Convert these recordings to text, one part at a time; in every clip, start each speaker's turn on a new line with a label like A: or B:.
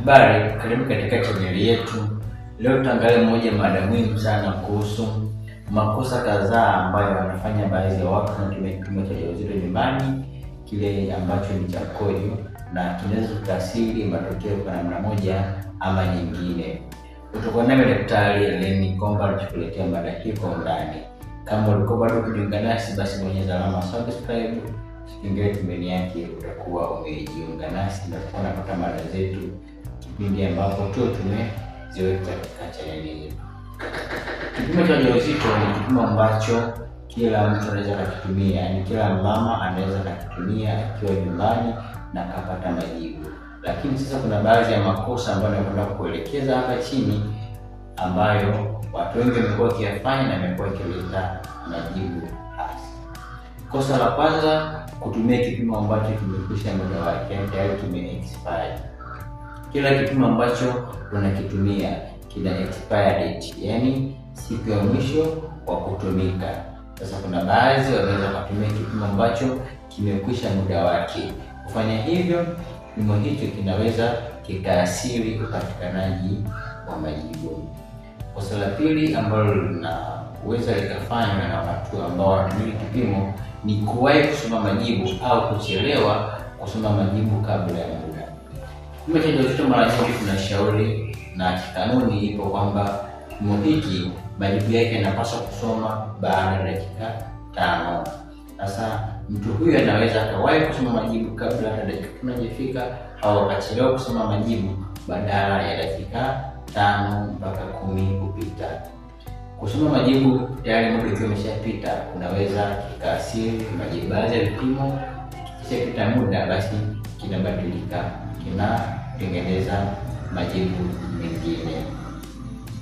A: Habari, karibu katika chaneli yetu. Leo tutaangalia moja mada muhimu sana kuhusu makosa kadhaa ambayo wanafanya baadhi ya watu wanaotumia kipimo cha ujauzito nyumbani, kile ambacho ni cha mkojo na kinaweza kutasiri matokeo kwa namna moja ama nyingine. Utakuwa nami Daktari Leni Komba tukuletea mada hii kwa undani. Kama ulikuwa bado kujiunga nasi, basi bonyeza alama subscribe, kingine pembeni yake utakuwa umejiunga nasi na tutakuwa napata mada zetu kipindi ambapo tu tumeziweka katika chaneli hii. Kipimo cha ujauzito ni kipimo ambacho kila mtu anaweza kakitumia yani kila mama anaweza akakitumia akiwa nyumbani na kapata majibu. Lakini sasa kuna baadhi ya makosa ambayo nakwenda kuelekeza hapa chini ambayo watu wengi wamekuwa wakiyafanya na amekuwa akileta majibu hasi. Kosa la kwanza, kutumia kipimo ambacho kimekwisha muda wake, yani tayari kime expire kila kipimo ambacho unakitumia kina expire date, yani siku ya mwisho wa kutumika. Sasa kuna baadhi wanaweza kutumia kipimo ambacho kimekwisha muda wake. Kufanya hivyo, kipimo hicho kinaweza kikaasiri upatikanaji wa majibu. Kosa la pili ambalo linaweza likafanywa na watu ambao wanatumia kipimo ni kuwahi kusoma majibu au kuchelewa kusoma majibu kabla ya Kumbe kitendo mara nyingi tunashauri na kikanuni ipo kwamba mmiliki majibu yake anapaswa kusoma baada ya dakika tano. Sasa mtu huyu anaweza akawahi kusoma majibu kabla ya dakika tano au akachelewa kusoma majibu badala ya dakika tano mpaka kumi kupita. Kusoma majibu tayari muda ukiwa umeshapita, unaweza kikaasiri majibu baadhi ya vipimo sekta muda, basi kinabadilika, kinatengeneza majibu mengine.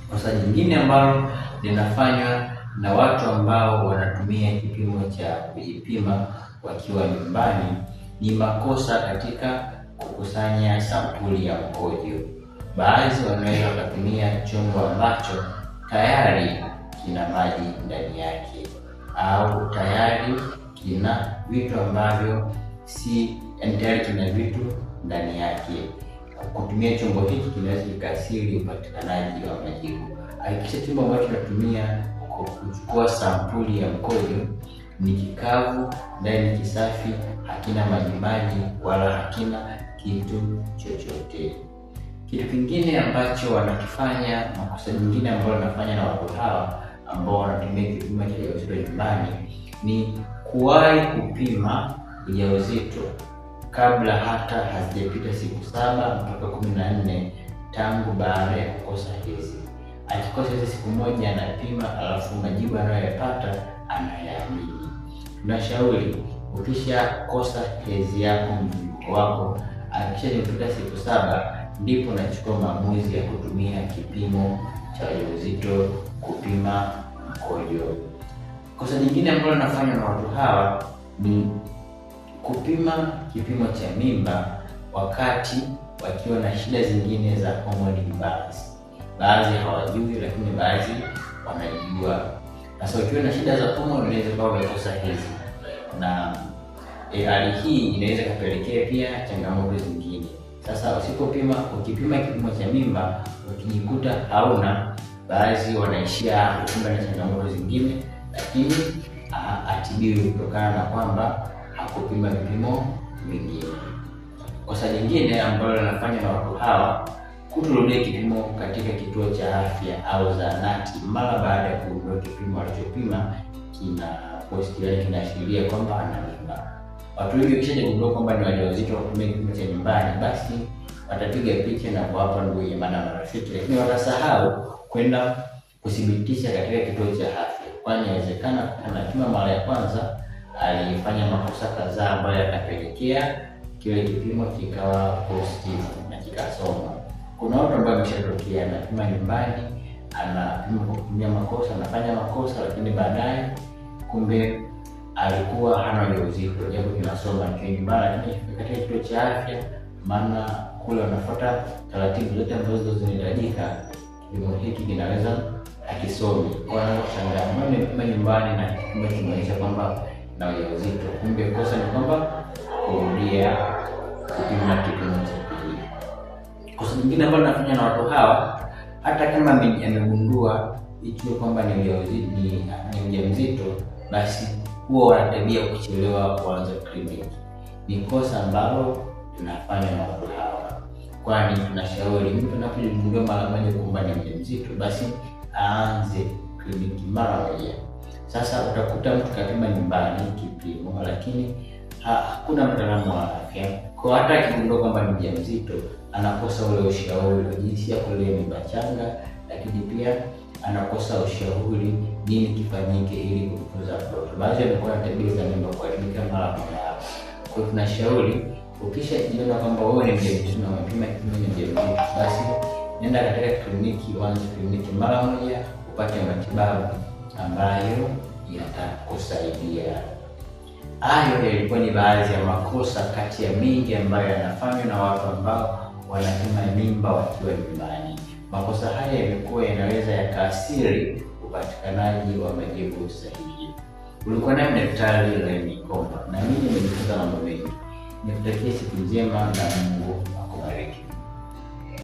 A: Kosa jingine ambalo linafanywa na watu ambao wanatumia kipimo cha kujipima wakiwa nyumbani ni makosa katika kukusanya sampuli ya mkojo. Baadhi wanaweza wakatumia chombo ambacho tayari kina maji ndani yake au tayari kina vitu ambavyo si entirely tuna vitu ndani yake. Kutumia chombo hiki kinaweza kikasiri upatikanaji wa majibu. Hakikisha chombo ambacho tunatumia kuchukua sampuli ya mkojo ni kikavu, ndani kisafi, hakina majimaji wala hakina kitu chochote. Kitu kingine ambacho wanakifanya, makosa mingine ambayo wanafanya na watu hawa ambao wanatumia kipimo cha nyumbani ni kuwahi kupima ujauzito kabla hata hazijapita siku saba mpaka kumi na nne tangu baada ya kukosa hizi. Akikosa hizi siku moja anapima, alafu majibu anayoyapata anayaamini. Tunashauri ukishakosa hezi yako mjumko wako nipita siku saba, ndipo nachukua maamuzi ya kutumia kipimo cha ujauzito kupima mkojo. Kosa jingine ambalo nafanywa na watu hawa ni kupima kipimo cha mimba wakati wakiwa na shida zingine za hormone imbalance. Baadhi hawajui lakini baadhi wanajua. Sasa wakiwa na shida za hormone unaweza kuwa unakosa hizi na eh, hali e, hii inaweza kupelekea pia changamoto zingine. Sasa usipopima, ukipima kipimo cha mimba ukijikuta hauna, baadhi wanaishia hapo, na changamoto zingine, lakini ah, atibiwe kutokana na kwamba hakupima vipimo vingine. Kosa jingine ambalo linafanywa na watu hawa kutorudia kipimo katika kituo cha afya au zahanati mara baada ya kugundua kipimo alichopima kina posti yake kinaashiria kwamba ana mimba. Watu wengi wakishajigundua kwamba ni wajawazito wa kutumia kipimo cha nyumbani, basi watapiga picha na kuwapa ndugu, jamaa na marafiki, lakini watasahau kwenda kuthibitisha katika kituo cha afya, kwani inawezekana anapima mara ya kwanza alifanya makosa kadhaa ambayo yakapelekea kile kipimo kikawa positive na kikasoma. Kuna watu ambao ameshatokea anapima nyumbani, anapima kwa kutumia makosa, anafanya makosa, lakini baadaye kumbe alikuwa hana ujauzito, japo kinasoma akiwa nyumbani, lakini katika kituo cha afya, maana kule wanafuata taratibu zote ambazo zinahitajika, kipimo hiki kinaweza akisomi kwa changamano. Nimepima nyumbani na kipimo kimaanisha kwamba na ujauzito. Kumbe kosa ni kwamba kurudia kupima kipimo cha pili. Kosa nyingine ambayo nafanya na watu hawa, hata kama amegundua ikiwa kwamba ni mjamzito, basi huwa wanatabia kuchelewa kuanza kliniki. Ni kosa ambalo tunafanya na watu hawa, kwani tunashauri mtu anapojigundua mara moja kwamba ni mjamzito, basi aanze kliniki mara moja. Sasa utakuta mtu kapima nyumbani kipimo, lakini hakuna mtaalamu wa afya, kwa hata akigundua kwamba ni mjamzito anakosa ule ushauri wa jinsi ya kulea mimba changa, lakini pia anakosa ushauri nini kifanyike ili kutunza mtoto. Baadhi wamekuwa na tabia za mimba kuharibika mara kwa mara, kwa hiyo tunashauri ukishajiona kwamba wewe ni mjamzito na umepima kipimo ni mjamzito, basi nenda katika kliniki, uanze kliniki mara moja upate matibabu ambayo yatakusaidia. Hayo yalikuwa ni baadhi ya makosa kati ya mengi ambayo yanafanywa na watu ambao wanapima mimba wakiwa nyumbani. Makosa haya yamekuwa yanaweza yakaathiri upatikanaji wa majibu sahihi. Ulikuwa naye Daktari Lenny Komba, na mimi nimejifunza mambo mengi. Nikutakia siku njema na Mungu akubariki.